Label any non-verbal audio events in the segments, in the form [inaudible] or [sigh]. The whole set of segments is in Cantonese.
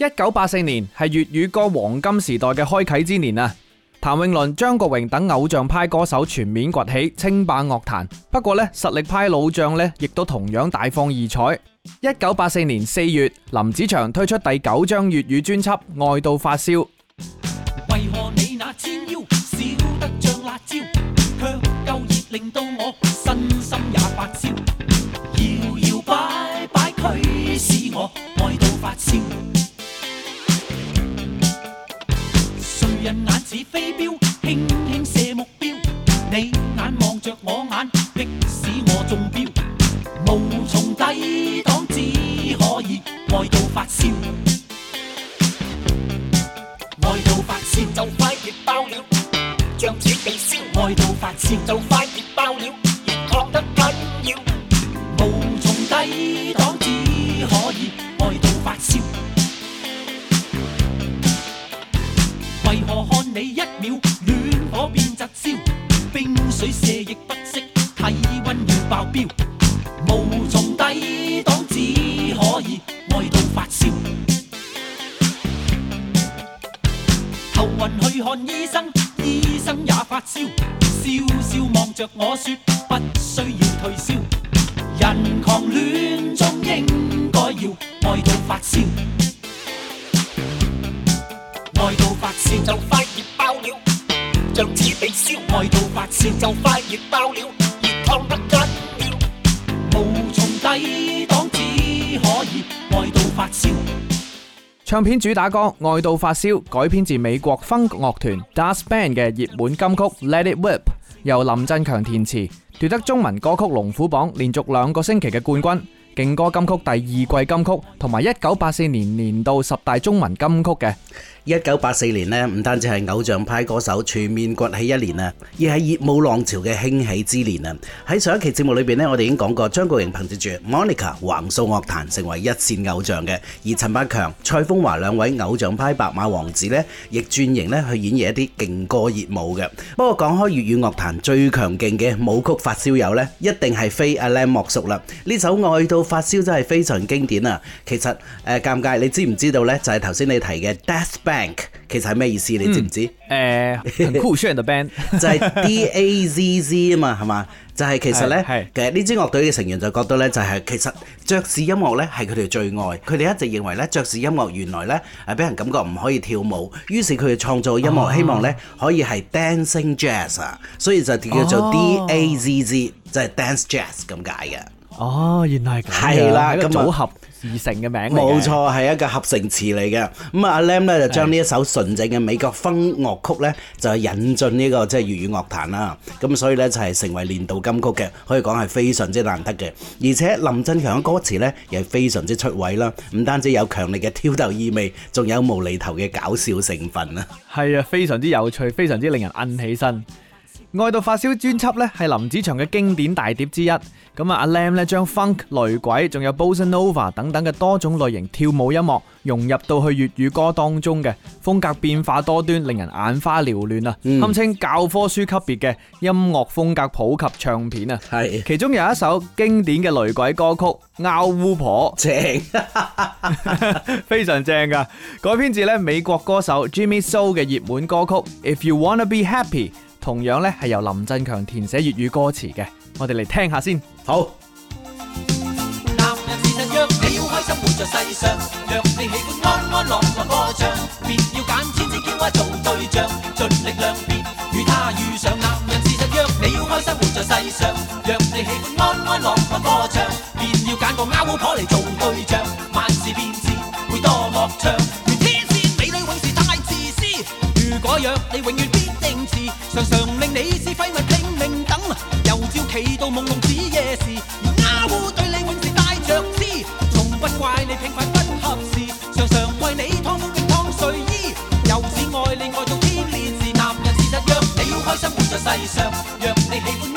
一九八四年係粵語歌黃金時代嘅開啟之年啊！譚詠麟、張國榮等偶像派歌手全面崛起，稱霸樂壇。不過呢，實力派老將呢，亦都同樣大放異彩。一九八四年四月，林子祥推出第九張粵語專輯《愛到發燒》。為何你那纖腰少得像辣椒？卻夠熱令到我身心也發燒。搖搖擺擺，驅使我愛到發燒。迷人眼似飛鏢，輕輕射目標。你眼望着我眼，逼使我中標。無從抵擋，只可以愛到發燒。愛到發燒就快熱爆了，像似被燒。愛到發燒就快熱爆了，熱燙得緊要。無從抵擋，只可以愛到發燒。你一秒，戀火變疾燒，冰水射亦不熄，體温要爆表，無從抵擋，只可以愛到發燒。頭暈去看醫生，醫生也發燒，笑笑望着我説不需要退燒，人狂戀中應該要愛到發燒。愛到發燒就快熱爆了，熱得無從抵擋，只可以愛到發燒。唱片主打歌《愛到發燒》改編自美國 Funk 樂團 Dazz Band 嘅熱門金曲《Let It Whip》，由林振強填詞，奪得中文歌曲龍虎榜連續兩個星期嘅冠軍，勁歌金曲第二季金曲，同埋一九八四年年度十大中文金曲嘅。一九八四年咧，唔單止係偶像派歌手全面崛起一年啊，而係熱舞浪潮嘅興起之年啊！喺上一期節目裏邊咧，我哋已經講過張國榮憑藉住 Monica 橫掃樂壇，成為一線偶像嘅；而陳百強、蔡楓華兩位偶像派白馬王子咧，亦轉型咧去演繹一啲勁歌熱舞嘅。不過講開粵語樂壇最強勁嘅舞曲發燒友咧，一定係非阿 Lam 莫屬啦！呢首《愛到發燒》真係非常經典啊！其實誒、呃，尷尬，你知唔知道呢？就係頭先你提嘅 death 其實係咩意思？你知唔知？誒，酷炫嘅 band 就係 D A Z Z 啊嘛，係嘛？就係其實咧，其實呢支樂隊嘅成員就覺得咧，就係其實爵士音樂咧係佢哋最愛。佢哋一直認為咧，爵士音樂原來咧係俾人感覺唔可以跳舞，於是佢哋創造音樂，希望咧可以係 dancing jazz 啊，所以就叫做 D A Z Z，就係 dance jazz 咁解嘅。哦，原來係咁樣嘅一個組合。而成嘅名嚟冇錯係一個合成詞嚟嘅。咁、嗯、啊，阿 Lam 咧就將呢將這一首純正嘅美國風樂曲咧、這個，就係引進呢個即係粵語樂壇啦。咁所以咧就係、是、成為年度金曲嘅，可以講係非常之難得嘅。而且林振強嘅歌詞咧又係非常之出位啦，唔單止有強烈嘅挑逗意味，仲有無厘頭嘅搞笑成分啊！係啊，非常之有趣，非常之令人硬起身。愛到發燒專輯咧係林子祥嘅經典大碟之一。咁啊，阿 Lam 咧將 funk、雷鬼，仲有 bossanova 等等嘅多種類型跳舞音樂融入到去粵語歌當中嘅風格變化多端，令人眼花繚亂啊！堪稱教科書級別嘅音樂風格普及唱片啊。係其中有一首經典嘅雷鬼歌曲《丫嗚婆》，正，非常正㗎，改編自咧美國歌手 Jimmy So 嘅熱門歌曲《If You Wanna Be Happy》。同樣呢係由林振強填寫粵語歌詞嘅，我哋嚟聽下先。好。到朦朧子夜時，而阿嗚對你永是帶着痴，從不怪你平凡不合時，常常為你湯褲腳湯睡衣，由此愛你愛到天邊時，男人是那若你要開心活在世上，若你喜歡。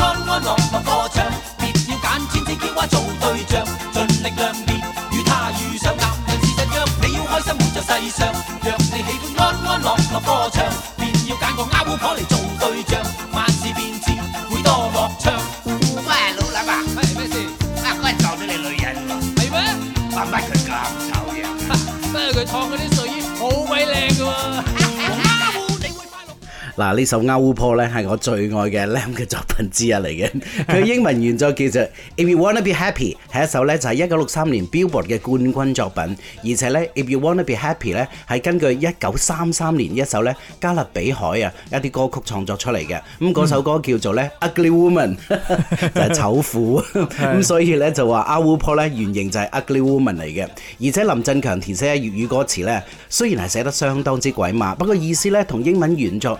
嗱呢首《丫嗚婆》咧係我最愛嘅 Lam 嘅作品之一嚟嘅，佢英文原作叫做《If You Wanna Be Happy》，係一首咧就係一九六三年 Billboard 嘅冠軍作品，而且咧《If You Wanna Be Happy》咧係根據一九三三年一首咧加勒比海啊一啲歌曲創作出嚟嘅，咁嗰首歌叫做咧《Ugly Woman》 [laughs] [laughs] 就係醜婦，咁所以咧就話《丫嗚婆》咧原型就係《Ugly Woman》嚟嘅，而且林振強填寫嘅粵語歌詞咧雖然係寫得相當之鬼馬，不過意思咧同英文原作，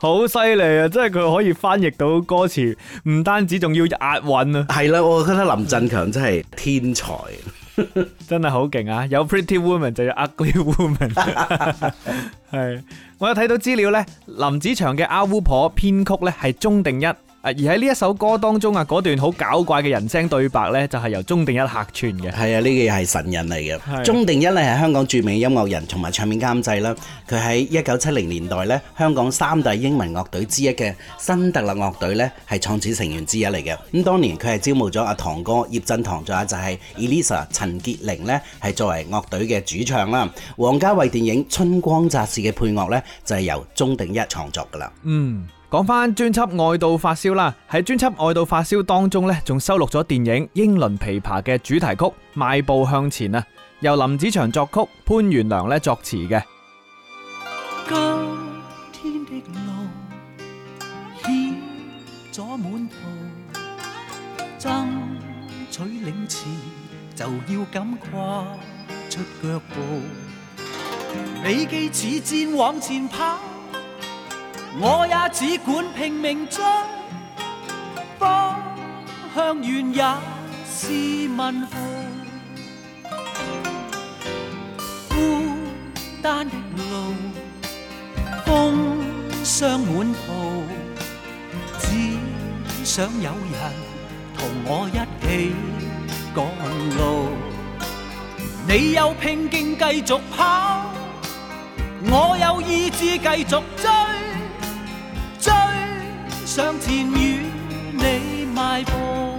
好犀利啊！即係佢可以翻譯到歌詞，唔單止仲要押韻啊！係啦，我覺得林振強真係天才，真係好勁啊！有 Pretty Woman 就有 Ugly Woman，係 [laughs] [laughs] 我有睇到資料咧，林子祥嘅《丫嗚婆》編曲咧係鍾定一。而喺呢一首歌當中啊，嗰段好搞怪嘅人聲對白呢，就係由鍾定一客串嘅。係啊，呢個係神人嚟嘅。鍾定一呢係香港著名音樂人同埋唱片監製啦。佢喺一九七零年代呢，香港三大英文樂隊之一嘅新特立樂隊呢，係創始成員之一嚟嘅。咁當年佢係招募咗阿堂哥葉振棠，仲有就係 Elisa 陳潔玲呢，係作為樂隊嘅主唱啦。王家衛電影《春光乍泄》嘅配樂呢，就係由鍾定一創作噶啦。嗯。講翻專輯《愛到發燒》啦，喺專輯《愛到發燒》當中呢，仲收錄咗電影《英倫琵琶》嘅主題曲《邁步向前》啊，由林子祥作曲，潘源良呢，作詞嘅。今天的路險阻滿途，爭取領前就要敢跨出腳步，你既似箭往前跑，我也只管拼命追，方向遠也是問號。孤單的路，風霜滿途，只想有人同我一起趕路。你有拼勁繼續跑，我有意志繼續追。上前與你邁步。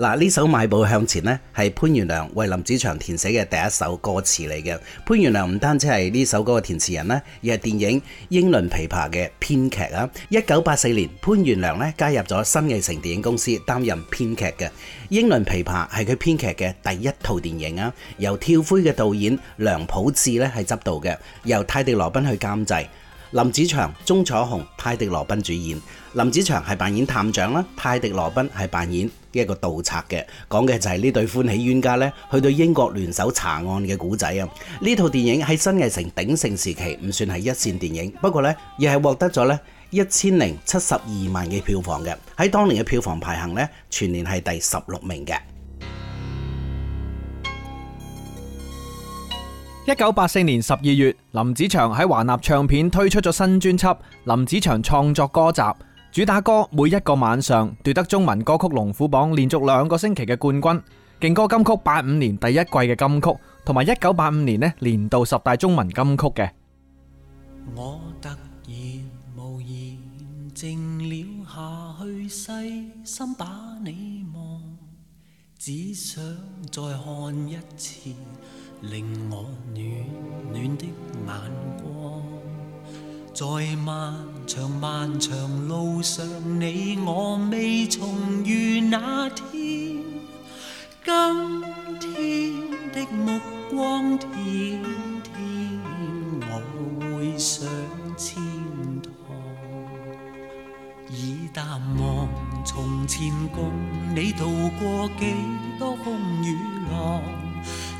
嗱，呢首《邁步向前》呢，係潘源良為林子祥填寫嘅第一首歌詞嚟嘅。潘源良唔單止係呢首歌嘅填詞人啦，而係電影《英倫琵琶》嘅編劇啊。一九八四年，潘源良呢加入咗新藝城電影公司擔任編劇嘅《英倫琵琶》係佢編劇嘅第一套電影啊，由跳灰嘅導演梁普智呢係執導嘅，由泰迪羅賓去監製。林子祥、鍾楚紅、泰迪羅賓主演。林子祥係扮演探長啦，泰迪羅賓係扮演一個盜賊嘅。講嘅就係呢對歡喜冤家咧，去到英國聯手查案嘅古仔啊。呢套電影喺新藝城鼎盛時期唔算係一線電影，不過咧亦係獲得咗咧一千零七十二萬嘅票房嘅。喺當年嘅票房排行咧，全年係第十六名嘅。一九八四年十二月，林子祥喺華納唱片推出咗新專輯《林子祥創作歌集》，主打歌《每一個晚上》奪得中文歌曲龍虎榜連續兩個星期嘅冠軍，勁歌金曲八五年第一季嘅金曲，同埋一九八五年呢年度十大中文金曲嘅。我突然無言令我暖暖的眼光，在漫長漫長路上，你我未重遇那天，今天的目光，天天我會想千趟，已淡忘從前共你渡過幾多風雨浪。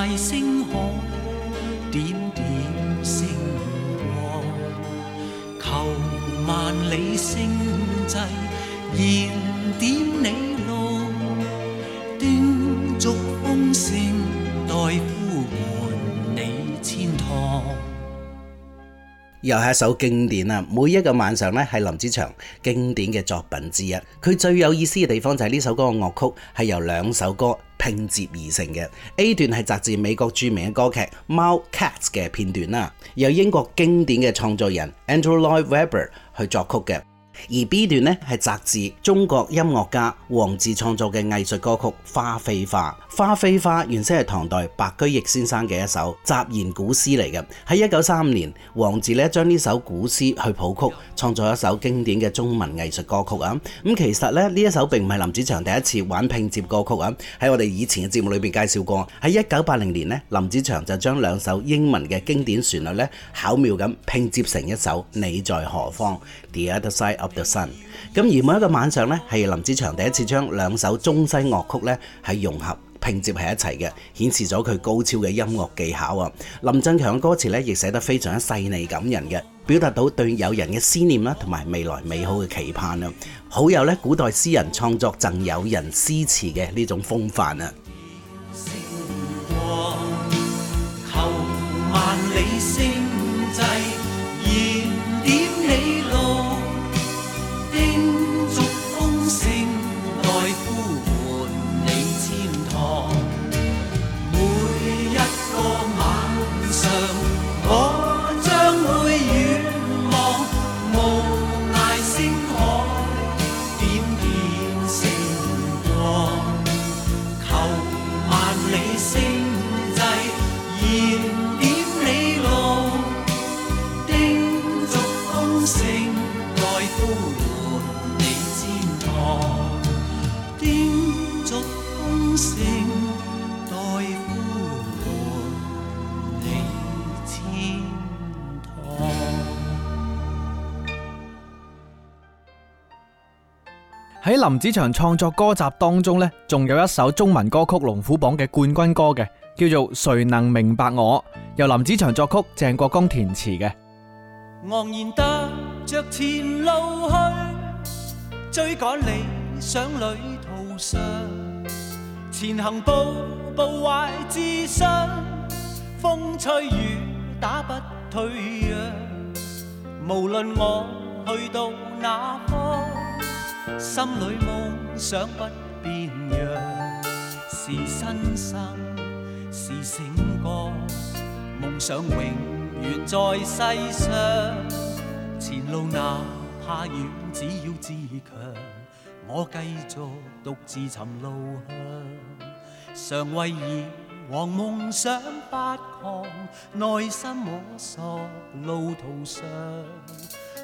大星海，點點星光，求萬里星際燃點你。又係一首經典啊！每一個晚上呢，係林子祥經典嘅作品之一。佢最有意思嘅地方就係呢首歌嘅樂曲係由兩首歌拼接而成嘅。A 段係摘自美國著名嘅歌劇《貓 Cats》嘅片段啦，由英國經典嘅創作人 Andrew Lloyd Webber 去作曲嘅。而 B 段呢，係雜誌中國音樂家黃自創作嘅藝術歌曲《花非花》。《花非花》原先係唐代白居易先生嘅一首雜言古詩嚟嘅。喺一九三五年，黃自呢將呢首古詩去譜曲，創作一首經典嘅中文藝術歌曲啊。咁其實咧呢一首並唔係林子祥第一次玩拼接歌曲啊。喺我哋以前嘅節目裏面介紹過，喺一九八零年呢，林子祥就將兩首英文嘅經典旋律呢巧妙咁拼接成一首《你在何方》。The Other Side of the Sun。咁而每一個晚上呢係林子祥第一次將兩首中西樂曲呢係融合拼接喺一齊嘅，顯示咗佢高超嘅音樂技巧啊！林振強嘅歌詞呢亦寫得非常之細膩感人嘅，表達到對友人嘅思念啦，同埋未來美好嘅期盼啦，好有呢古代詩人創作贈友人詩詞嘅呢種風範啊！林子祥創作歌集當中呢，仲有一首中文歌曲《龍虎榜》嘅冠軍歌嘅，叫做《誰能明白我》，由林子祥作曲、鄭國江填詞嘅。昂然踏着前路去，追趕理想旅途上，前行步步懷自信，風吹雨打不退讓，無論我去到哪方。心裏夢想不變樣，是新生，是醒覺，夢想永遠在世上。前路哪怕遠，只要自強，我繼續獨自尋路向。常為以往夢想不亢，內心摸索路途上。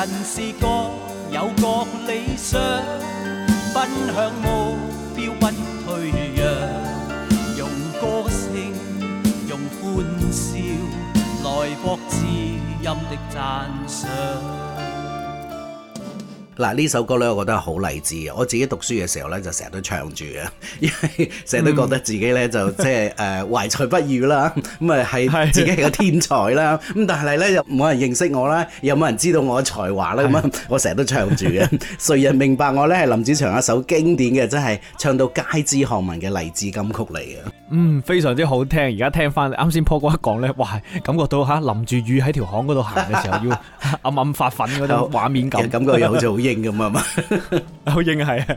人是各有各理想，奔向目標不退讓，用歌聲，用歡笑，來博知音的讚賞。嗱，呢首歌咧，我覺得係好勵志嘅。我自己讀書嘅時候咧，就成日都唱住嘅，因為成日都覺得自己咧就即係誒懷才不遇啦，咁啊係自己係個天才啦。咁但係咧又冇人認識我啦，又冇人知道我嘅才華啦。咁我成日都唱住嘅。誰 [laughs] 人明白我咧？係林子祥一首經典嘅，真係唱到街知巷聞嘅勵志金曲嚟嘅。嗯，非常之好聽。而家聽翻啱先波哥一講呢，哇，感覺到吓、啊、淋住雨喺條巷嗰度行嘅時候，要暗暗發粉嗰種畫面感， [laughs] [laughs] 感覺又好似好英咁啊嘛， [laughs] [laughs] 好英係啊。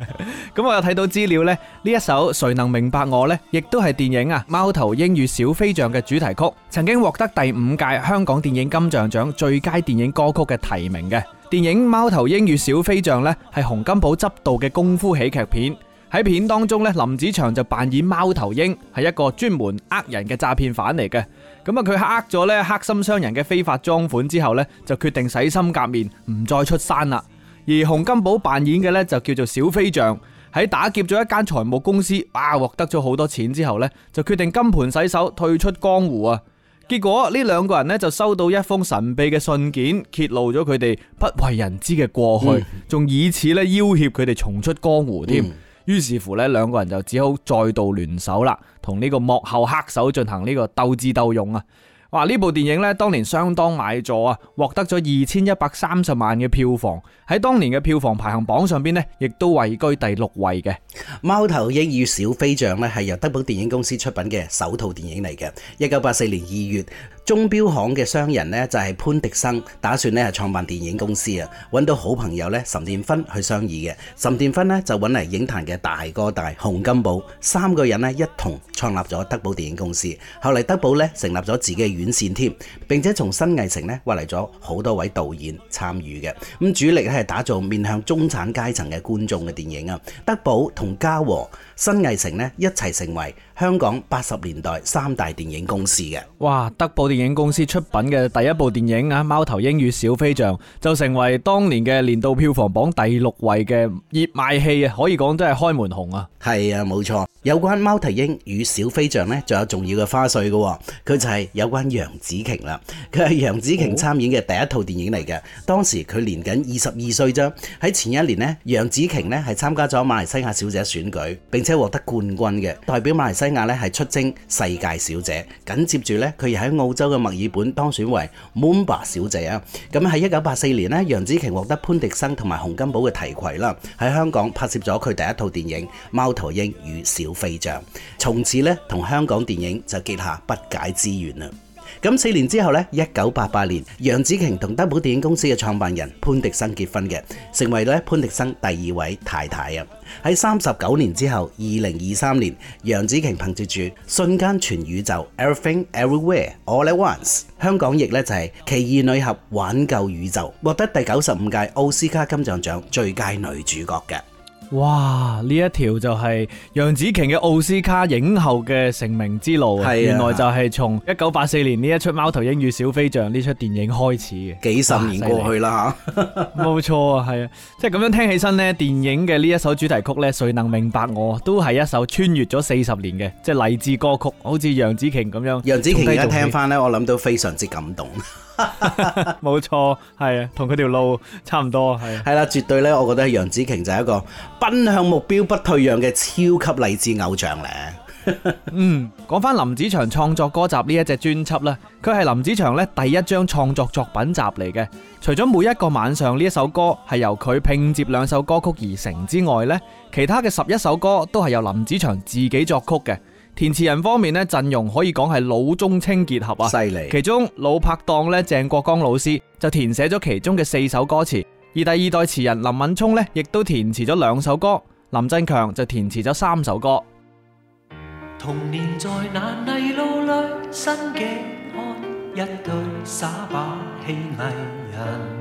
咁 [laughs] 我有睇到資料呢。呢一首誰能明白我呢，亦都係電影啊《貓頭鷹與小飛象》嘅主題曲，曾經獲得第五屆香港電影金像獎最佳電影歌曲嘅提名嘅。電影《貓頭鷹與小飛象》呢，係洪金寶執導嘅功夫喜劇片。喺片當中咧，林子祥就扮演貓頭鷹，係一個專門呃人嘅詐騙犯嚟嘅。咁啊，佢呃咗咧黑心商人嘅非法贓款之後咧，就決定洗心革面，唔再出山啦。而洪金寶扮演嘅咧就叫做小飛象，喺打劫咗一間財務公司，啊，獲得咗好多錢之後咧，就決定金盆洗手，退出江湖啊。結果呢兩個人咧就收到一封神秘嘅信件，揭露咗佢哋不為人知嘅過去，仲、嗯、以此咧要挾佢哋重出江湖添、嗯。於是乎咧，兩個人就只好再度聯手啦，同呢個幕後黑手進行呢個鬥智鬥勇啊！哇，呢部電影呢，當年相當賣座啊，獲得咗二千一百三十萬嘅票房，喺當年嘅票房排行榜上邊呢，亦都位居第六位嘅。《貓頭鷹與小飛象》呢，係由德寶電影公司出品嘅首套電影嚟嘅，一九八四年二月。鐘錶行嘅商人呢，就係潘迪生，打算呢，係創辦電影公司啊，揾到好朋友呢，岑建勳去商議嘅。岑建勳呢，就揾嚟影壇嘅大哥大洪金寶，三個人呢，一同創立咗德寶電影公司。後嚟德寶呢，成立咗自己嘅院線添，並且從新藝城呢，挖嚟咗好多位導演參與嘅。咁主力咧係打造面向中產階層嘅觀眾嘅電影啊。德寶同嘉禾、新藝城呢，一齊成為香港八十年代三大電影公司嘅。哇，德寶電影公司出品嘅第一部電影啊，《貓頭鷹與小飛象》就成為當年嘅年度票房榜第六位嘅熱賣戲啊，可以講真係開門紅啊！係啊，冇錯。有關貓頭鷹與小飛象呢，仲有重要嘅花絮噶，佢就係有關楊紫瓊啦。佢係楊紫瓊參演嘅第一套電影嚟嘅。當時佢年僅二十二歲啫。喺前一年呢，楊紫瓊呢係參加咗馬來西亞小姐選舉，並且獲得冠軍嘅，代表馬來西亞呢係出征世界小姐。緊接住呢，佢又喺澳洲嘅墨爾本當選為 Mumba 小姐啊。咁喺一九八四年呢，楊紫瓊獲得潘迪生同埋洪金寶嘅提攜啦，喺香港拍攝咗佢第一套電影貓頭鷹與小飛象，從此呢，同香港電影就結下不解之緣啦。咁四年之後呢，一九八八年，楊紫瓊同德寶電影公司嘅創辦人潘迪生結婚嘅，成為咧潘迪生第二位太太啊。喺三十九年之後，二零二三年，楊紫瓊憑借住《瞬間全宇宙 Everything Everywhere All at Once》，香港亦咧就係《奇異女俠挽救宇宙》，獲得第九十五屆奧斯卡金像獎最佳女主角嘅。哇！呢一條就係楊紫瓊嘅奧斯卡影后嘅成名之路，係原來就係從一九八四年呢一出《貓頭鷹與小飛象》呢出電影開始嘅。幾十年過去啦，冇 [laughs] 錯啊，係啊，即係咁樣聽起身呢，電影嘅呢一首主題曲呢，《誰能明白我》都係一首穿越咗四十年嘅即係勵志歌曲，好似楊紫瓊咁樣。楊紫瓊而家聽翻呢，我諗到非常之感動。冇 [laughs] 錯，係啊，同佢條路差唔多，係係啦，絕對咧，我覺得楊紫瓊就係一個奔向目標不退讓嘅超級勵志偶像呢 [laughs] 嗯，講翻《林子祥創作歌集》呢一隻專輯啦，佢係林子祥咧第一張創作作品集嚟嘅。除咗《每一個晚上》呢一首歌係由佢拼接兩首歌曲而成之外呢，其他嘅十一首歌都係由林子祥自己作曲嘅。填詞人方面呢，陣容可以講係老中青結合啊，犀利。其中老拍檔咧，鄭國江老師就填寫咗其中嘅四首歌詞，而第二代詞人林敏聰呢，亦都填詞咗兩首歌，林振強就填詞咗三首歌。童年在那泥路裏一對把人。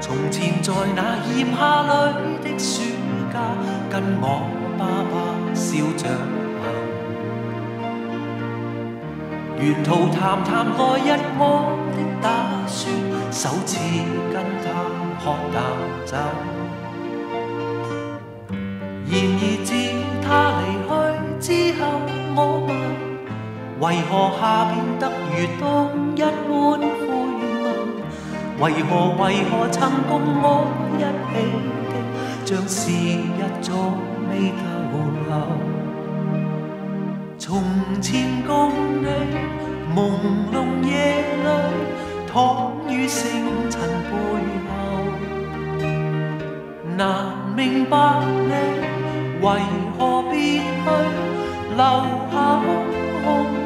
從前在那炎夏裏的暑假，跟我爸爸笑着行。沿途談談來日我的打算，首次跟他喝淡酒。然而自他離去之後，我問，為何夏變得如冬一般灰？為何？為何曾共我一起的，像時日早未逗留。從前共你朦朧夜裏，躺於星辰背後，難明白你為何別去，留下空空。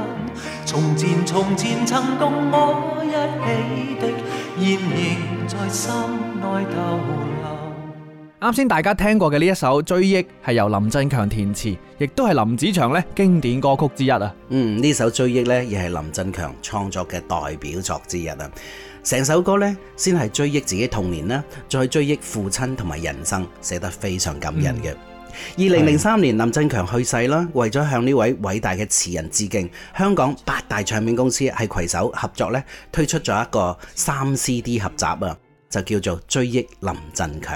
從前從前曾共我一起的現仍在心內逗留。啱先大家聽過嘅呢一首《追憶》係由林振強填詞，亦都係林子祥呢經典歌曲之一啊！嗯，呢首《追憶》呢，亦係林振強創作嘅代表作之一啊！成首歌呢，先係追憶自己童年啦，再追憶父親同埋人生，寫得非常感人嘅。嗯二零零三年林振強去世啦，為咗向呢位偉大嘅詞人致敬，香港八大唱片公司係攜手合作呢推出咗一個三 CD 合集啊，就叫做《追憶林振強》。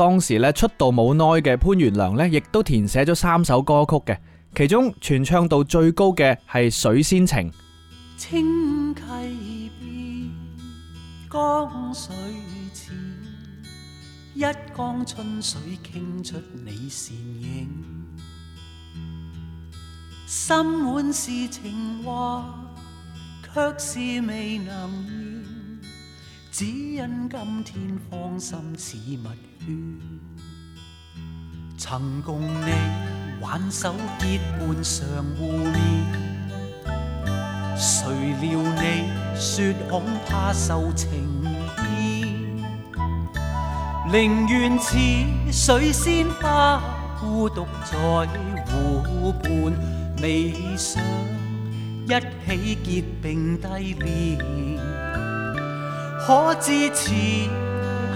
當時咧出道冇耐嘅潘源良咧，亦都填寫咗三首歌曲嘅，其中傳唱度最高嘅係《水仙情》。曾共你挽手結伴常互勉。誰料你說恐怕受情牽，寧願似水仙花孤獨在湖畔，未想一起結並蒂蓮，可知此。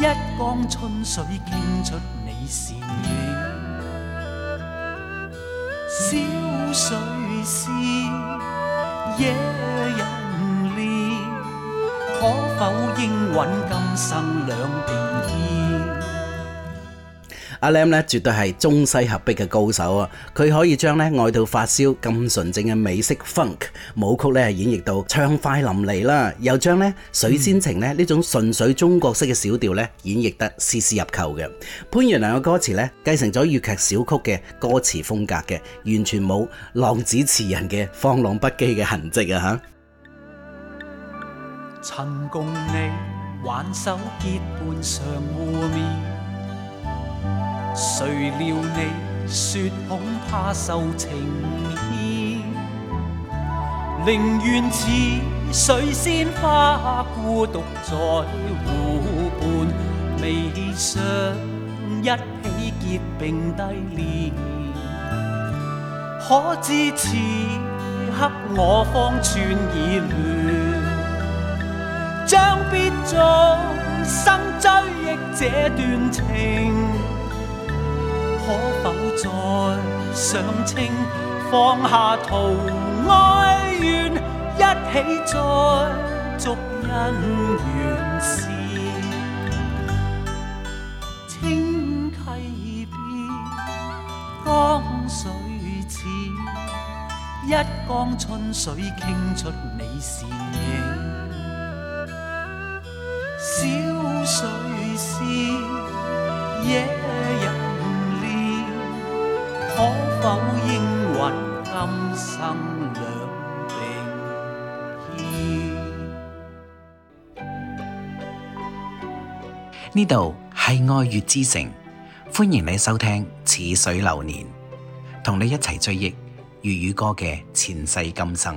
一江春水傾出你倩影，小水仙惹人憐，可否應允今生兩定？阿 Lam 咧，絕對係中西合璧嘅高手啊！佢可以將呢愛到發燒咁純正嘅美式 funk 舞曲咧，演繹到暢快淋漓啦，又將呢水仙情呢，呢種純粹中國式嘅小調呢，演繹得絲絲入扣嘅。潘源良嘅歌詞呢，繼承咗粵劇小曲嘅歌詞風格嘅，完全冇浪子詞人嘅放浪不羈嘅痕跡啊！嚇，曾共你挽手結伴常互勉。誰料你說恐怕受情牽，寧願似水仙花孤獨在湖畔，未想一起結並蒂蓮。可知此刻我方寸已亂，將畢終生追憶這段情。可否再相清，放下屠哀怨，一起再續姻緣線。清溪邊，江水淺，一江春水傾出你笑影。小水仙，可否應運今生。呢度係愛粵之城，歡迎你收聽《似水流年》，同你一齊追憶粵語歌嘅前世今生。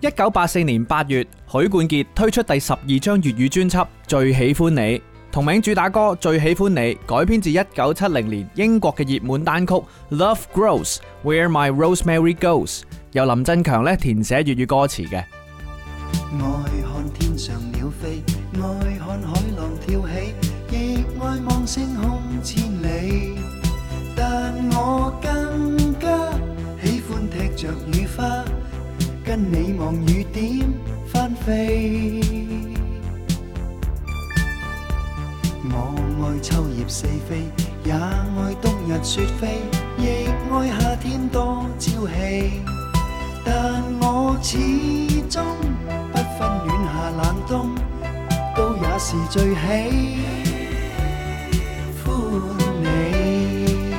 一九八四年八月，許冠傑推出第十二張粵語專輯《最喜歡你》。同名主打歌《最喜歡你》改編自一九七零年英國嘅熱門單曲《Love Grows Where My Rosemary Goes》，由林振強呢填寫粵語歌詞嘅。愛看天上鳥飛，愛看海浪跳起，亦愛望星空千里，但我更加喜歡踢着雨花，跟你望雨點翻飛。秋葉四飛，也愛冬日雪飛，亦愛夏天多朝氣。但我始終不分暖夏冷冬，都也是最喜歡你。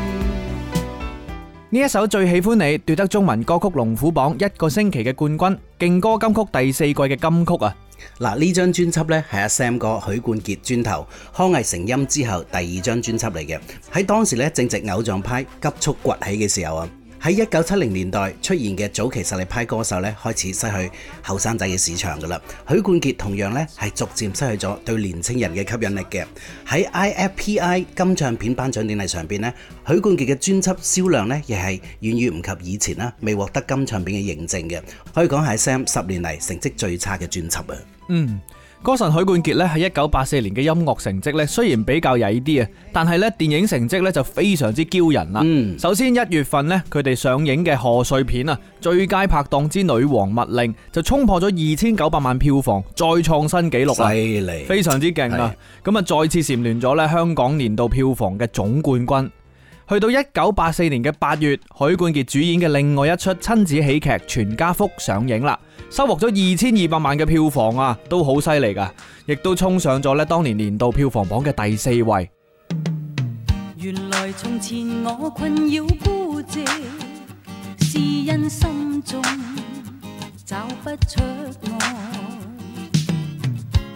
呢一首《最喜歡你》奪得中文歌曲龍虎榜一個星期嘅冠軍，勁歌金曲第四季嘅金曲啊！嗱，呢張專輯呢係阿 Sam 哥許冠傑磚頭康藝成音之後第二張專輯嚟嘅，喺當時呢，正值偶像派急速崛起嘅時候啊。喺一九七零年代出現嘅早期實力派歌手咧，開始失去後生仔嘅市場噶啦。許冠傑同樣咧係逐漸失去咗對年輕人嘅吸引力嘅。喺 IFPI 金唱片頒獎典禮上邊咧，許冠傑嘅專輯銷量咧亦係遠遠唔及以前啦，未獲得金唱片嘅認證嘅，可以講係 Sam 十年嚟成績最差嘅專輯啊。嗯。歌神許冠傑咧喺一九八四年嘅音樂成績咧，雖然比較曳啲啊，但係咧電影成績咧就非常之驕人啦，嗯。首先一月份咧，佢哋上映嘅賀歲片啊，《最佳拍檔之女王密令》就衝破咗二千九百萬票房，再創新紀錄啊！非常之勁啊！咁啊，再次蟬聯咗咧香港年度票房嘅總冠軍。去到一九八四年嘅八月，許冠傑主演嘅另外一出，親子喜劇《全家福》上映啦，收穫咗二千二百萬嘅票房啊，都好犀利噶，亦都衝上咗咧當年年度票房榜嘅第四位。原來從前我困擾孤寂，是因心中找不出我。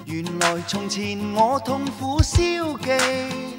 原來從前我痛苦消極。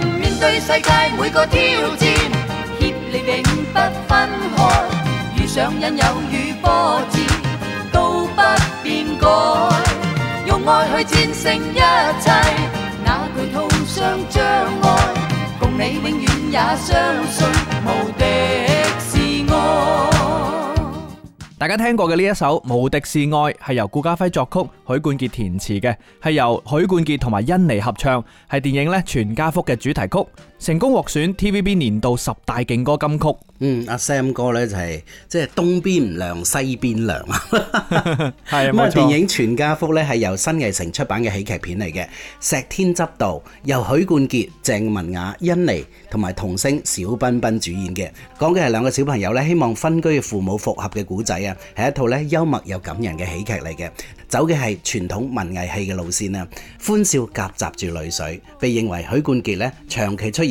面對世界每個挑戰，協力永不分開。遇上因由與波折，都不變改。用愛去戰勝一切，哪懼途上障礙？共你永遠也相信無敵。大家聽過嘅呢一首《無敵是愛》係由顧嘉輝作曲、許冠傑填詞嘅，係由許冠傑同埋甄妮合唱，係電影咧《全家福》嘅主題曲。成功獲選 TVB 年度十大勁歌金曲。嗯，阿 Sam 哥咧就係即係東邊唔涼西邊涼啊。係， [laughs] [laughs] 咁電影《全家福》咧係由新藝城出版嘅喜劇片嚟嘅，石天執導，由許冠傑、鄭文雅、甄妮同埋童星小彬彬主演嘅，講嘅係兩個小朋友咧希望分居嘅父母復合嘅故仔啊，係一套咧幽默又感人嘅喜劇嚟嘅，走嘅係傳統文藝戲嘅路線啊，歡笑夾雜住淚水，被認為許冠傑咧長期出現。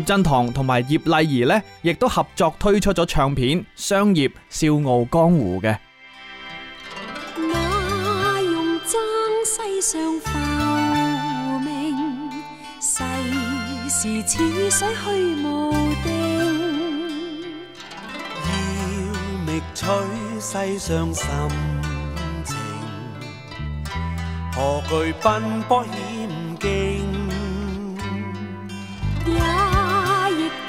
葉振棠同埋葉麗儀呢，亦都合作推出咗唱片《商業笑傲江湖》嘅。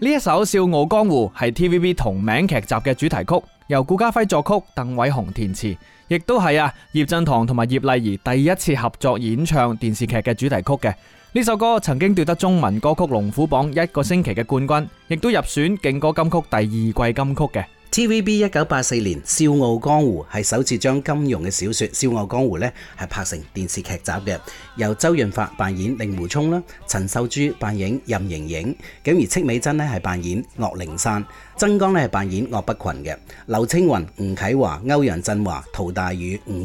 呢一首《笑傲江湖》係 T V B 同名劇集嘅主題曲，由顧嘉輝作曲、鄧偉雄填詞，亦都係啊葉振棠同埋葉麗儀第一次合作演唱電視劇嘅主題曲嘅。呢首歌曾經奪得中文歌曲龍虎榜一個星期嘅冠軍，亦都入選勁歌金曲第二季金曲嘅。T V B 一九八四年《笑傲江湖》係首次將金庸嘅小說《笑傲江湖》呢係拍成電視劇集嘅。由周潤發扮演令狐沖啦，陳秀珠扮演任盈盈，咁而戚美珍咧係扮演岳靈珊，曾江咧係扮演岳不群嘅。劉青雲、吳啟華、歐陽振華、陶大宇、吳君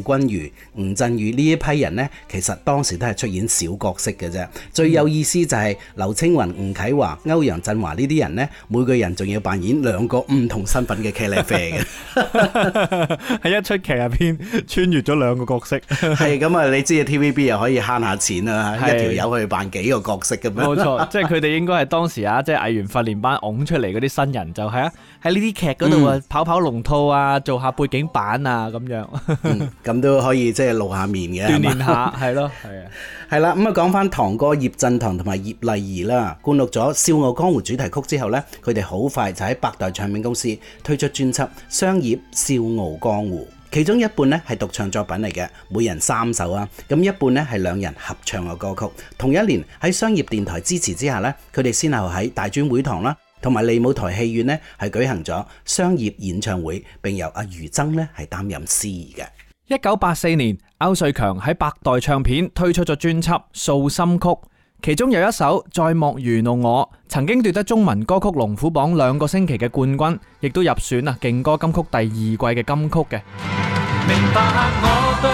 如、吳鎮宇呢一批人呢，其實當時都係出演小角色嘅啫。最有意思就係劉青雲、吳啟華、歐陽振華呢啲人呢，每個人仲要扮演兩個唔同身份嘅茄喱啡嘅，喺一出劇入邊穿越咗兩個角色。係咁啊，你知啊，TVB 又可以慳下錢啊，一條友去扮幾個角色咁樣，冇錯， [laughs] 即係佢哋應該係當時啊，即係藝員訓練班㧬出嚟嗰啲新人，就係啊喺呢啲劇嗰度啊跑跑龍套啊，嗯、做下背景板啊咁樣，咁、嗯、都可以即係露下面嘅鍛鍊下，係咯，係啊，係啦，咁啊、嗯、講翻棠哥葉振棠同埋葉麗儀啦，灌錄咗《笑傲江湖》主題曲之後呢，佢哋好快就喺百代唱片公司推出專輯商業《雙葉笑傲江湖》。其中一半咧係獨唱作品嚟嘅，每人三首啊，咁一半咧係兩人合唱嘅歌曲。同一年喺商業電台支持之下咧，佢哋先後喺大專會堂啦，同埋利舞台戲院咧係舉行咗商業演唱會，並由阿余曾咧係擔任司儀嘅。一九八四年，區瑞強喺百代唱片推出咗專輯《素心曲》。其中有一首《再莫愚弄我》，曾經奪得中文歌曲龍虎榜兩個星期嘅冠軍，亦都入選啊勁歌金曲第二季嘅金曲嘅。明白我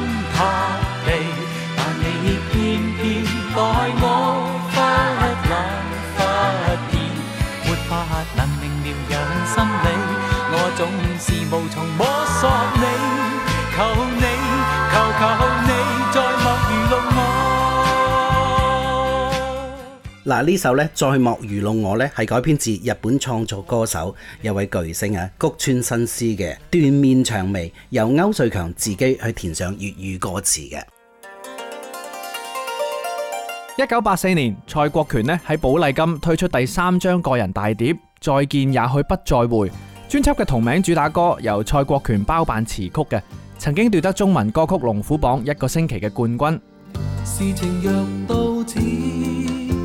嗱，呢首呢，再莫愚弄我呢，係改編自日本創作歌手一位巨星啊谷川新司嘅《斷面薔薇》，由區瑞強自己去填上粵語歌詞嘅。一九八四年，蔡國權呢，喺寶麗金推出第三張個人大碟《再見，也許不再會》，專輯嘅同名主打歌由蔡國權包辦詞曲嘅，曾經奪得中文歌曲龍虎榜一個星期嘅冠軍。事情若到此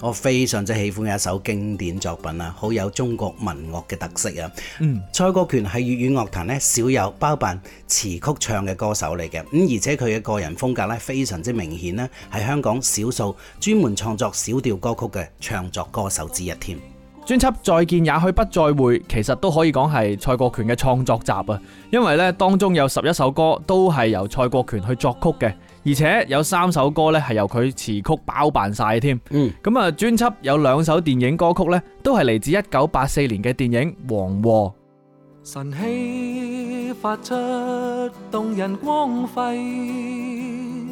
我非常之喜歡嘅一首經典作品啊，好有中國民樂嘅特色啊！嗯，蔡國權係粵語樂壇咧少有包辦詞曲唱嘅歌手嚟嘅，咁而且佢嘅個人風格咧非常之明顯呢，係香港少數專門創作小調歌曲嘅唱作歌手之一添。專輯《再見也許不再會》其實都可以講係蔡國權嘅創作集啊，因為呢當中有十一首歌都係由蔡國權去作曲嘅。而且有三首歌呢，係由佢詞曲包辦晒添。嗯，咁啊，專輯有兩首電影歌曲呢，都係嚟自一九八四年嘅電影《黃鑊》。晨曦發出動人光輝，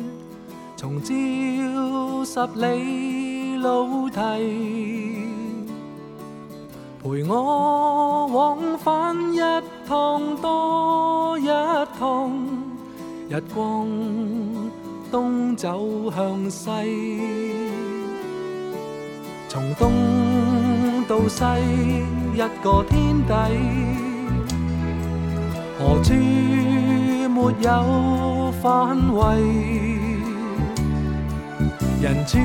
長照十里路堤，陪我往返一趟多一趟，日光。東走向西，從東到西一個天地，何處沒有範圍？人住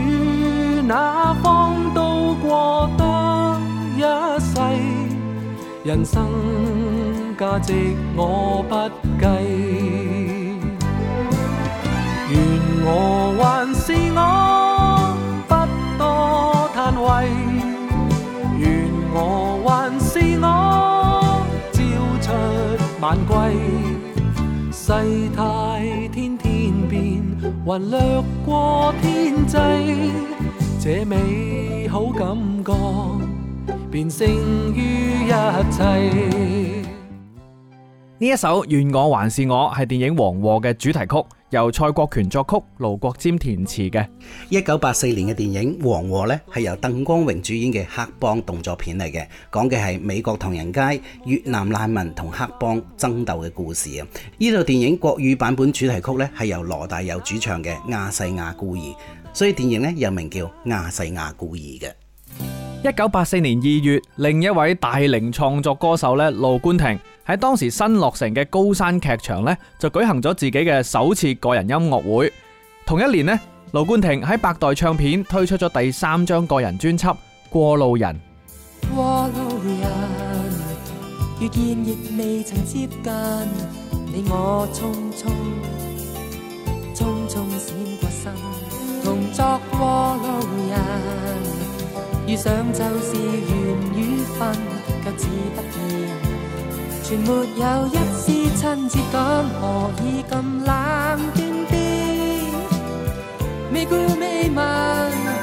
哪方都過得一世，人生價值我不計。我還是我，不多嘆喟。願我還是我，朝出晚歸。世態天天變，還掠過天際。這美好感覺，便勝於一切。呢一首《願我還是我》係電影《黃禍》嘅主題曲，由蔡國權作曲、盧國沾填詞嘅。一九八四年嘅電影《黃禍》咧，係由鄧光榮主演嘅黑幫動作片嚟嘅，講嘅係美國唐人街越南難民同黑幫爭鬥嘅故事啊。呢、這、套、個、電影國語版本主題曲咧係由羅大佑主唱嘅《亞細亞孤兒》，所以電影咧又名叫《亞細亞孤兒》嘅。一九八四年二月，另一位大齡創作歌手咧盧冠廷。喺當時新落成嘅高山劇場呢，就舉行咗自己嘅首次個人音樂會。同一年呢，盧冠廷喺百代唱片推出咗第三張個人專輯《過路人》。過路人，遇見亦未曾接近，你我匆匆，匆匆閃過身，同作過路人。遇上就是緣與分，卻似不易。全沒有一絲親切感，何以咁冷冰冰未顧未問。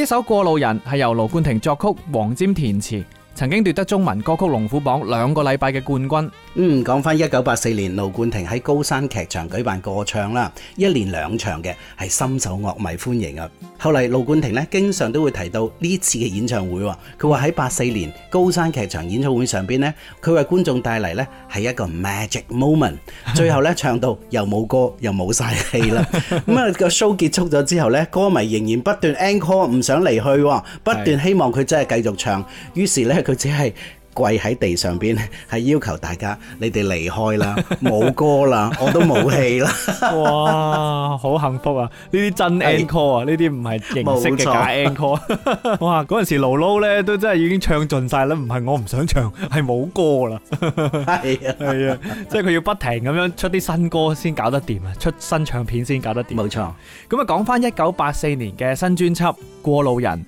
呢首《過路人》係由盧冠廷作曲，黃霑填詞。曾經奪得中文歌曲龍虎榜兩個禮拜嘅冠軍。嗯，講翻一九八四年，盧冠廷喺高山劇場舉辦歌唱啦，一連兩場嘅係深受樂迷歡迎啊。後嚟盧冠廷咧，經常都會提到呢次嘅演唱會。佢話喺八四年高山劇場演唱會上邊咧，佢為觀眾帶嚟咧係一個 magic moment。最後咧唱到又冇歌又冇晒氣啦。咁、那、啊個 show 結束咗之後咧，歌迷仍然不斷 encore，唔想離去，不斷希望佢真係繼續唱。於是咧。佢只係跪喺地上邊，係要求大家你哋離開啦，冇 [laughs] 歌啦，我都冇戲啦。 [laughs] 哇，好幸福啊！呢啲真 encore 啊，呢啲唔係形式嘅假 encore。 [laughs] [laughs] 哇，嗰陣時盧盧咧都真係已經唱盡晒啦，唔係我唔想唱，係冇歌啦。係啊係啊， [laughs] 是啊 [laughs] 即係佢要不停咁樣出啲新歌先搞得掂啊，出新唱片先搞得掂。冇錯。咁啊，講翻一九八四年嘅新專輯《過路人》。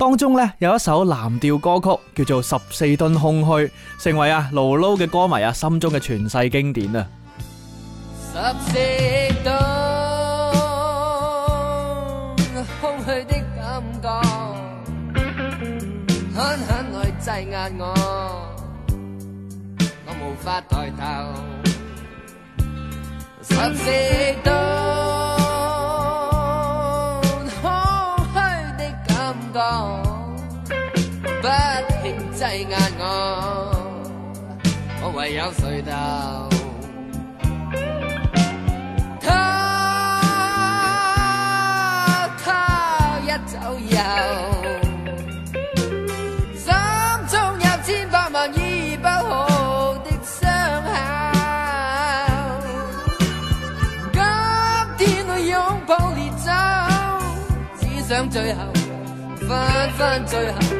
當中呢有一首藍調歌曲叫做《十四噸空虛》，成為啊盧盧嘅歌迷啊心中嘅傳世經典啊！十四噸空虛的感覺，狠狠去擠壓我，我無法抬頭。十四噸。唯有隧道，他他一走後，心中有千百萬醫不好的傷口。今天我擁抱烈酒，只想醉後，分分醉後。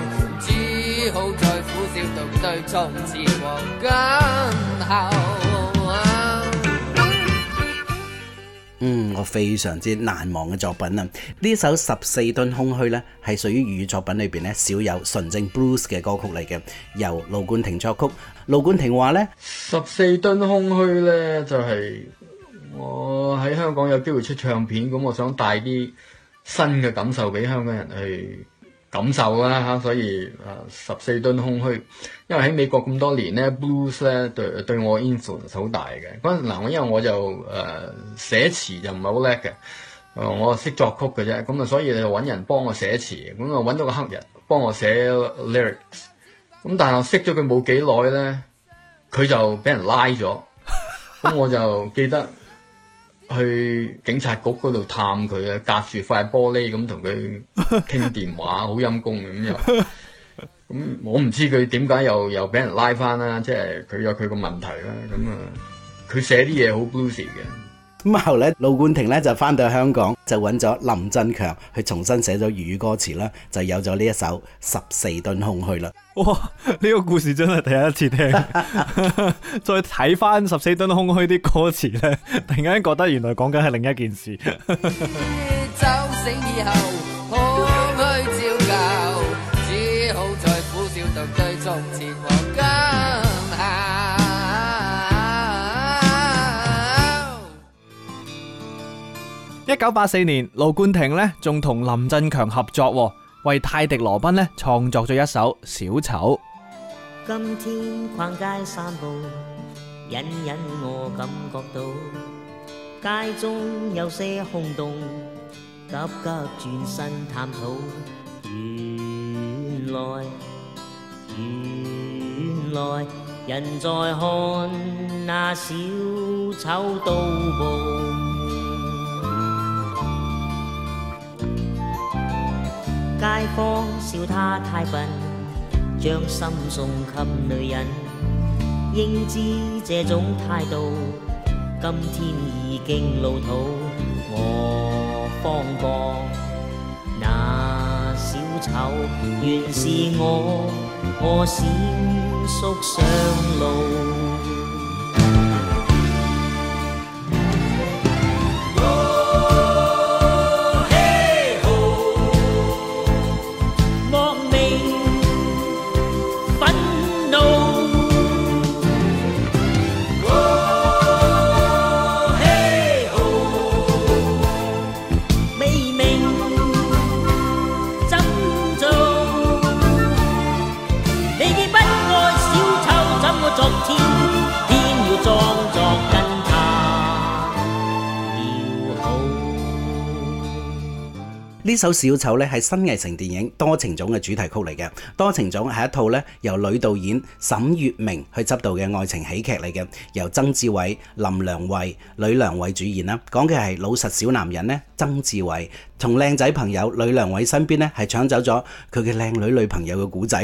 嗯，我非常之難忘嘅作品啦。呢首《十四噸空虛》呢，係屬於粵語作品裏邊咧少有純正 Blues 嘅歌曲嚟嘅，由盧冠廷作曲。盧冠廷話呢，《十四噸空虛》呢，就係我喺香港有機會出唱片，咁我想帶啲新嘅感受俾香港人去。感受啦嚇，所以啊十四噸空虛，因為喺美國咁多年咧，blues 咧對對我影響好大嘅。嗱，因為我就誒寫詞就唔係好叻嘅，我識作曲嘅啫，咁啊所以你就揾人幫我寫詞，咁啊揾到個黑人幫我寫 lyrics，咁但係我識咗佢冇幾耐咧，佢就俾人拉咗，咁我就記得。 [laughs] 去警察局嗰度探佢啊，隔住塊玻璃咁同佢傾電話，好陰公咁又，咁我唔知佢點解又又俾人拉翻啦，即係佢有佢個問題啦，咁、嗯、啊，佢、嗯嗯、寫啲嘢好 bluesy 嘅。咁後咧，盧冠廷咧就翻到香港，就揾咗林振強去重新寫咗粵語歌詞啦，就有咗呢一首《十四噸空虛》啦。哇！呢、呢個故事真係第一次聽的。 [laughs] [laughs] 再睇翻《十四噸空虛》啲歌詞咧，突然間覺得原來講緊係另一件事。 [laughs] 一九八四年，盧冠廷呢仲同林振強合作，為泰迪羅賓呢創作咗一首《小丑》。今天逛街散步，隱隱我感覺到街中有些空洞，急急轉身探討，原來，原來人在看那小丑倒步。街坊笑他太笨，將心送給女人，應知這種態度，今天已經老土。我方覺那小丑原是我，我閃縮上路。呢首小丑咧係新藝城電影《多情種》嘅主題曲嚟嘅，《多情種》係一套咧由女導演沈月明去執導嘅愛情喜劇嚟嘅，由曾志偉、林良慧、呂良偉主演啦。講嘅係老實小男人咧，曾志偉同靚仔朋友呂良偉身邊咧係搶走咗佢嘅靚女女朋友嘅故仔。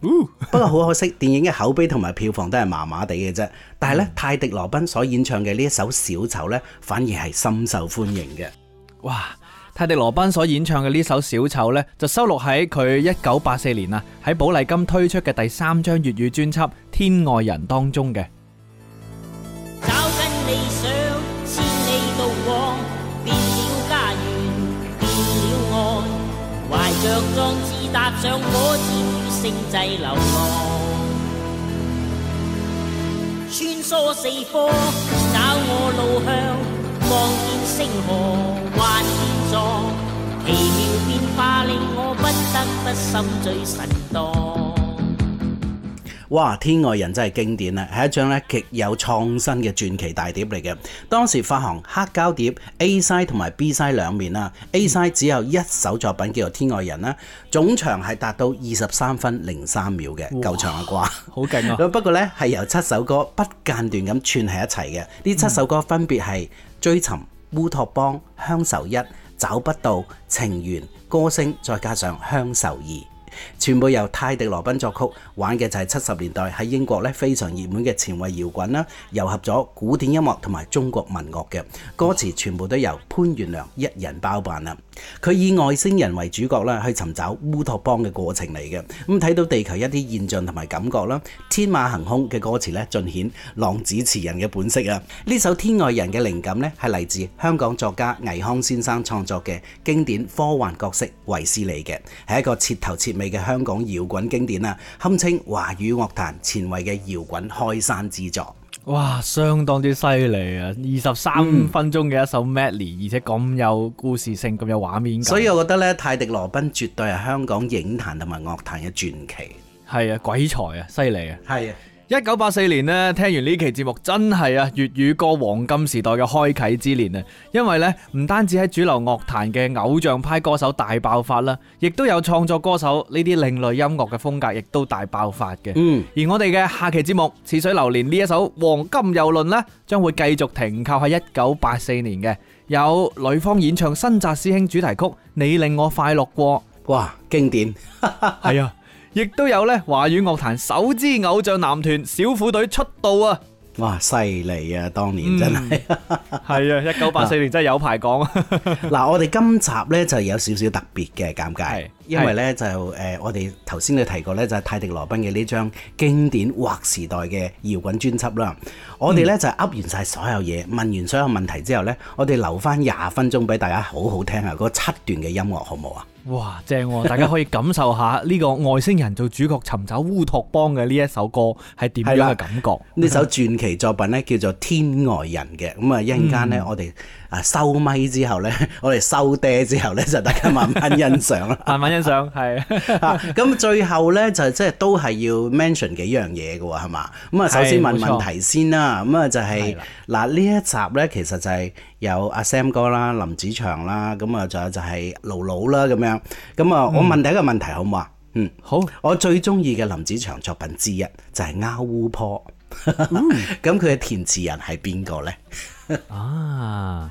嗯，不過好可惜，電影嘅口碑同埋票房都係麻麻地嘅啫。但係咧，泰迪羅賓所演唱嘅呢一首小丑咧，反而係深受歡迎嘅。哇！泰迪羅賓所演唱嘅呢首《小丑》呢，就收錄喺佢一九八四年啊喺寶麗金推出嘅第三張粵語專輯《天外人》當中嘅。望見星河，幻變作奇妙變化，令我不得不心醉神蕩。哇！《天外人》真係經典啦，係一張咧極有創新嘅傳奇大碟嚟嘅。當時發行黑膠碟 A side 同埋 B side 兩面啦，嗯，A side 只有一首作品叫做《天外人》啦，總長係達到二十三分零三秒嘅，夠長啊啩？好勁啊！不過呢係由七首歌不間斷咁串喺一齊嘅，呢七首歌分別係。追尋烏托邦，鄉愁一找不到情緣歌聲，再加上鄉愁二。全部由泰迪羅賓作曲，玩嘅就係七十年代喺英國咧非常熱門嘅前衛搖滾啦，糅合咗古典音樂同埋中國民樂嘅歌詞，全部都由潘源良一人包辦啦。佢以外星人為主角啦，去尋找烏托邦嘅過程嚟嘅。咁睇到地球一啲現象同埋感覺啦，天馬行空嘅歌詞咧盡顯浪子詞人嘅本色啊！呢首《天外人》嘅靈感呢，係嚟自香港作家倪匡先生創作嘅經典科幻角色衛斯理嘅，係一個徹頭徹尾。嘅香港搖滾經典啊，堪稱華語樂壇前衛嘅搖滾開山之作。哇，相當之犀利啊！二十三分鐘嘅一首《Madly》，嗯，而且咁有故事性，咁有畫面。所以，我覺得咧，泰迪羅賓絕對係香港影壇同埋樂壇嘅傳奇。係啊，鬼才啊，犀利啊！係啊。一九八四年呢，聽完呢期節目，真係啊粵語歌黃金時代嘅開啟之年啊！因為呢，唔單止喺主流樂壇嘅偶像派歌手大爆發啦，亦都有創作歌手呢啲另類音樂嘅風格亦都大爆發嘅。嗯，而我哋嘅下期節目《似水流年》呢一首《黃金遊輪》呢，將會繼續停靠喺一九八四年嘅，有呂方演唱新紮師兄主題曲《你令我快樂過》，哇，經典，係 [laughs] 啊。亦都有咧，華語樂壇首支偶像男團小虎隊出道啊！哇，犀利啊！當年真係係、嗯、 [laughs] 啊，一九八四年真係有排講啊。嗱、 [laughs] 啊，我哋今集呢就有少少特別嘅尷尬。因為咧就誒，我哋頭先都提過咧，就係泰迪羅賓嘅呢張經典劃時代嘅搖滾專輯啦。我哋咧就噏完晒所有嘢，問完所有問題之後咧，我哋留翻廿分鐘俾大家，好好聽下嗰七段嘅音樂，好唔好啊？哇，正喎、啊！大家可以感受下呢個外星人做主角尋找烏托邦嘅呢一首歌係點樣嘅感覺。呢、啊、首傳奇作品咧叫做《天外人》嘅，咁啊一陣間咧我哋、嗯。啊，收咪之後呢，我哋收嗲之後呢，就大家慢慢欣賞啦。 [laughs] 慢慢欣賞，係啊。咁最後呢，就即係都係要 mention 幾樣嘢嘅喎，係嘛？咁啊，首先問問題先啦。咁、就、啊、是，就係嗱，呢一集呢，其實就係有阿 Sam 哥啦、林子祥啦，咁啊，仲有就係盧盧啦咁樣。咁啊，我問第一個問題好唔好啊？嗯，好、嗯。我最中意嘅林子祥作品之一就係、是《丫嗚婆》，咁佢嘅填詞人係邊個呢？ [laughs] 啊！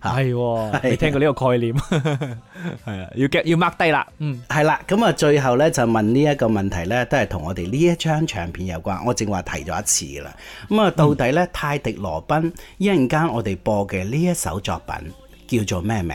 係，你聽過呢個概念，係啊， [laughs] 要 get 要 mark 低啦，嗯，係啦，咁啊，最後咧就問呢一個問題咧，都係同我哋呢一張唱片有關，我正話提咗一次啦，咁啊，到底咧泰迪羅賓一陣間我哋播嘅呢一首作品叫做咩名？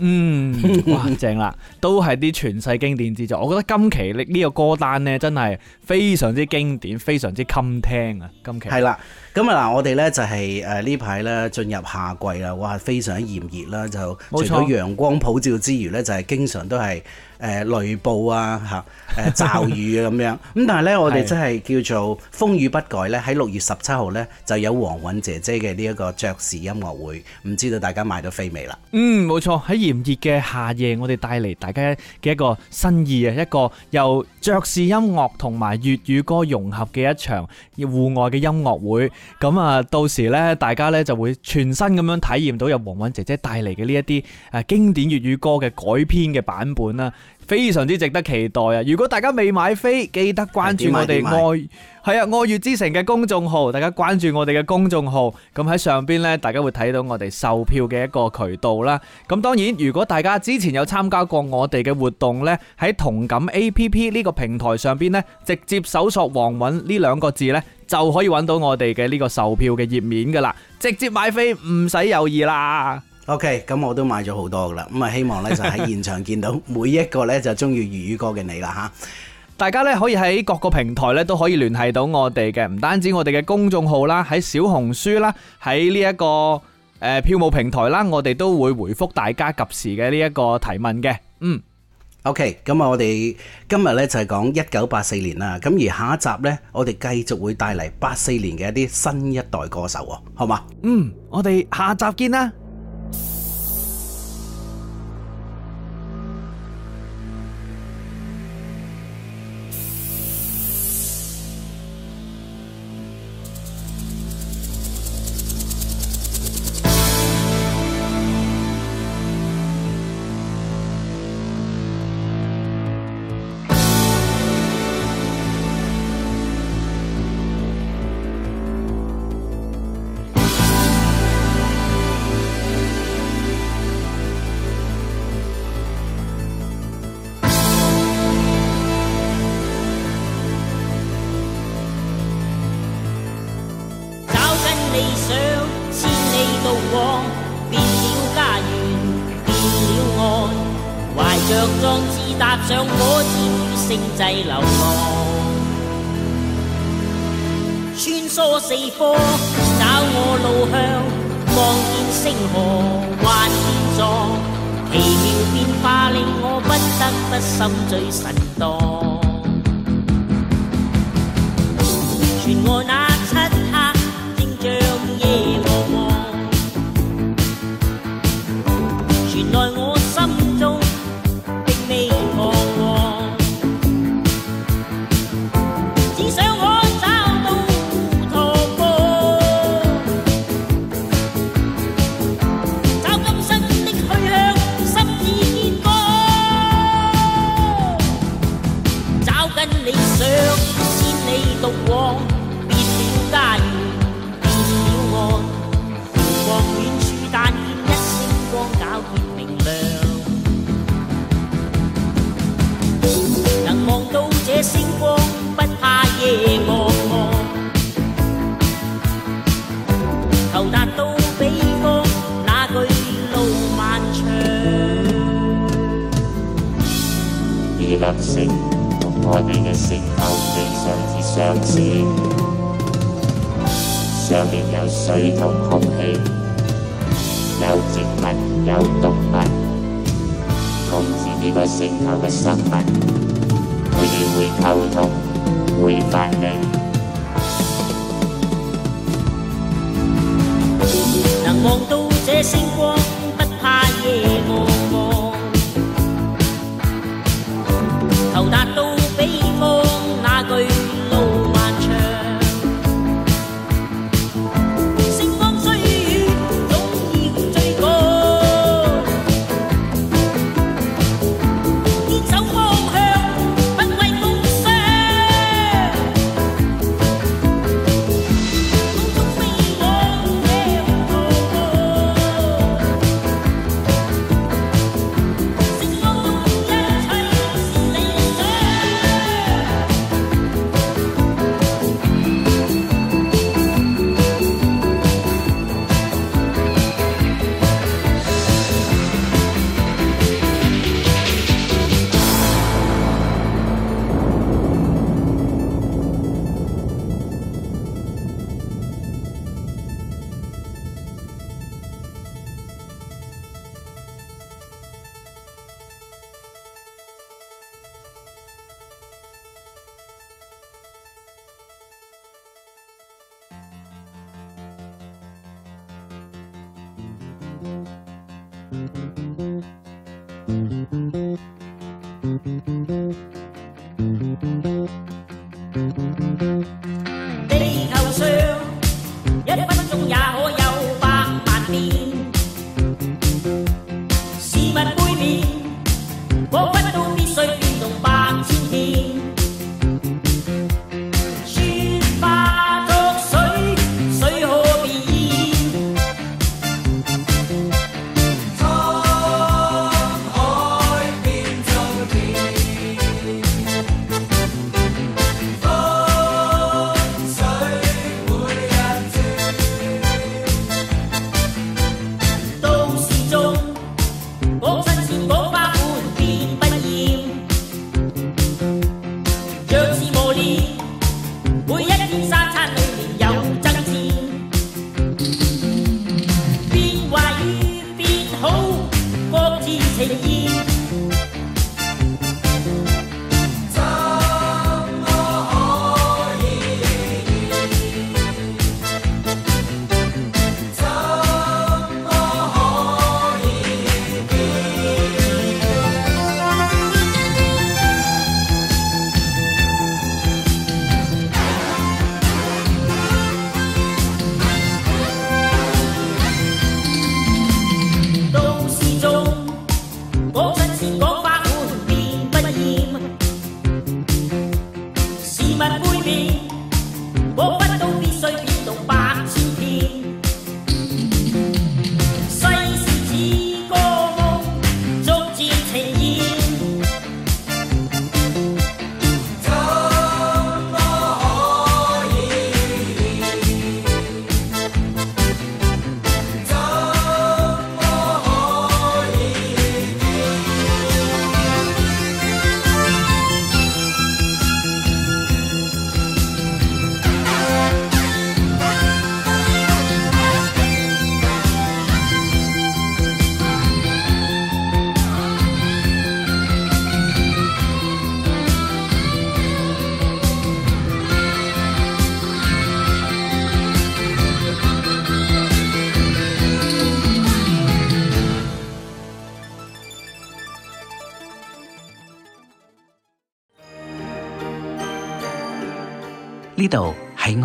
嗯，哇，正啦，都係啲傳世經典之作， [laughs] 我覺得今期呢呢個歌單咧真係非常之經典，非常之襟聽啊，今期係啦。咁啊嗱，我哋呢就係呢排呢進入夏季啦，哇！非常炎熱啦，就除咗陽光普照之餘呢，就係、冇錯、經常都係誒、呃、雷暴啊嚇誒驟雨咁樣。咁 [laughs] 但係呢，我哋真係叫做風雨不改呢喺六月十七號呢，就有黃韻姐姐嘅呢一個爵士音樂會。唔知道大家買到飛未啦？嗯，冇錯，喺炎熱嘅夏夜，我哋帶嚟大家嘅一個新意啊，一個由爵士音樂同埋粵語歌融合嘅一場戶外嘅音樂會。咁啊，到時咧，大家咧就會全新咁樣體驗到由黃韻姐姐帶嚟嘅呢一啲誒經典粵語歌嘅改編嘅版本啦，非常之值得期待啊！如果大家未買飛，記得關注我哋愛系啊愛粵之城嘅公眾號，大家關注我哋嘅公眾號，咁喺上邊咧，大家會睇到我哋售票嘅一個渠道啦。咁當然，如果大家之前有參加過我哋嘅活動咧，喺同感 A P P 呢個平台上邊咧，直接搜索黃韻呢兩個字咧。就可以揾到我哋嘅呢個售票嘅頁面噶啦，直接買飛唔使猶豫啦。OK，咁我都買咗好多噶啦，咁啊希望呢就喺現場見到每一個呢就中意粵語歌嘅你啦吓。 [laughs] 大家呢可以喺各個平台呢都可以聯繫到我哋嘅，唔單止我哋嘅公眾號啦，喺小紅書啦，喺呢一個誒、呃、票務平台啦，我哋都會回復大家及時嘅呢一個提問嘅。嗯。O.K. 咁啊，我哋今日呢就係講一九八四年啦。咁而下一集呢，我哋繼續會帶嚟八四年嘅一啲新一代歌手喎，好嘛？嗯，我哋下集見啦。